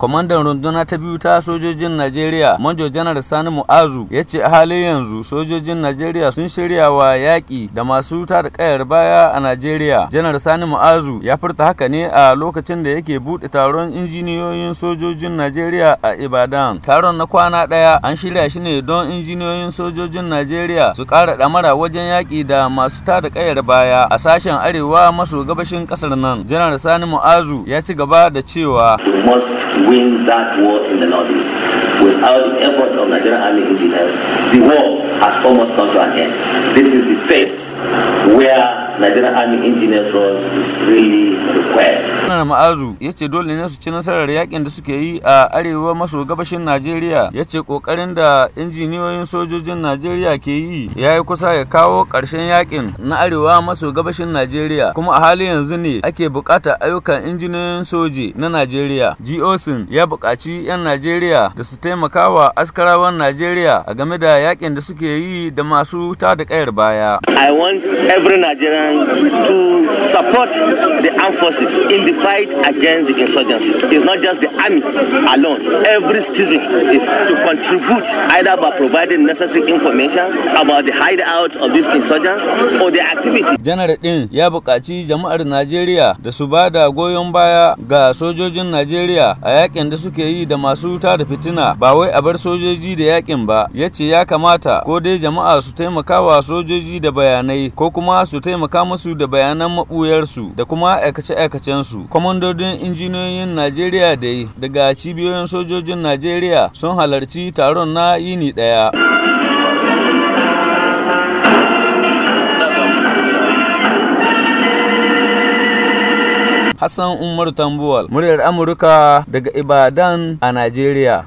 Kwamandan runduna ta biyu ta sojojin Najeriya, Manjo Janar Sani Mu'azu, ya ce a halin yanzu sojojin Najeriya sun shirya wa yaƙi da masu tada ƙayar baya a Najeriya. Janar Sani Mu'azu ya furta haka ne a lokacin da yake buɗe taron injiniyoyin sojojin Najeriya a Ibadan. Taron na kwana ɗaya an shirya shi ne don injiniyoyin sojojin Najeriya su ƙara ɗamara wajen yaƙi da masu tada ƙayar baya a sashen arewa maso gabashin ƙasar nan. Janar Sani Mu'azu ya ci gaba da cewa. win that war in the northeast. Without the effort of Nigerian army engineers, the war has almost come to an end. This is the place where Nigerian army engineers role is really required. janar ma'azu ya ce dole ne su ci nasarar yakin da suke yi a arewa maso gabashin najeriya ya ce kokarin da injiniyoyin sojojin najeriya ke yi ya yi kusa ya kawo ƙarshen yakin na arewa maso gabashin najeriya kuma a halin yanzu ne ake buƙata ayyukan injiniyoyin soji na najeriya gosin ya buƙaci 'yan najeriya da su taimaka wa askarawan najeriya a game da yakin da suke yi da masu da kayar baya i want every nigerian to support the armed forces in the fight against the insurgency. It's not just the army alone. Every citizen is to contribute either by providing necessary information about the hideout of these insurgents or their activity. Janar din ya buƙaci jama'ar Najeriya da su ba da goyon baya ga sojojin Najeriya a yakin da suke yi da masu da fitina ba wai a bar sojoji da yakin ba ya ce ya kamata ko dai jama'a su taimaka wa sojoji da bayanai ko kuma su taimaka musu da bayanan maɓuyarsu da kuma aikace-aikacensu kwamandodin injiniyoyin najeriya da yi daga cibiyoyin sojojin najeriya sun halarci taron na yini ɗaya Hassan Umar Tambuwal, muryar Amurka daga Ibadan a Najeriya.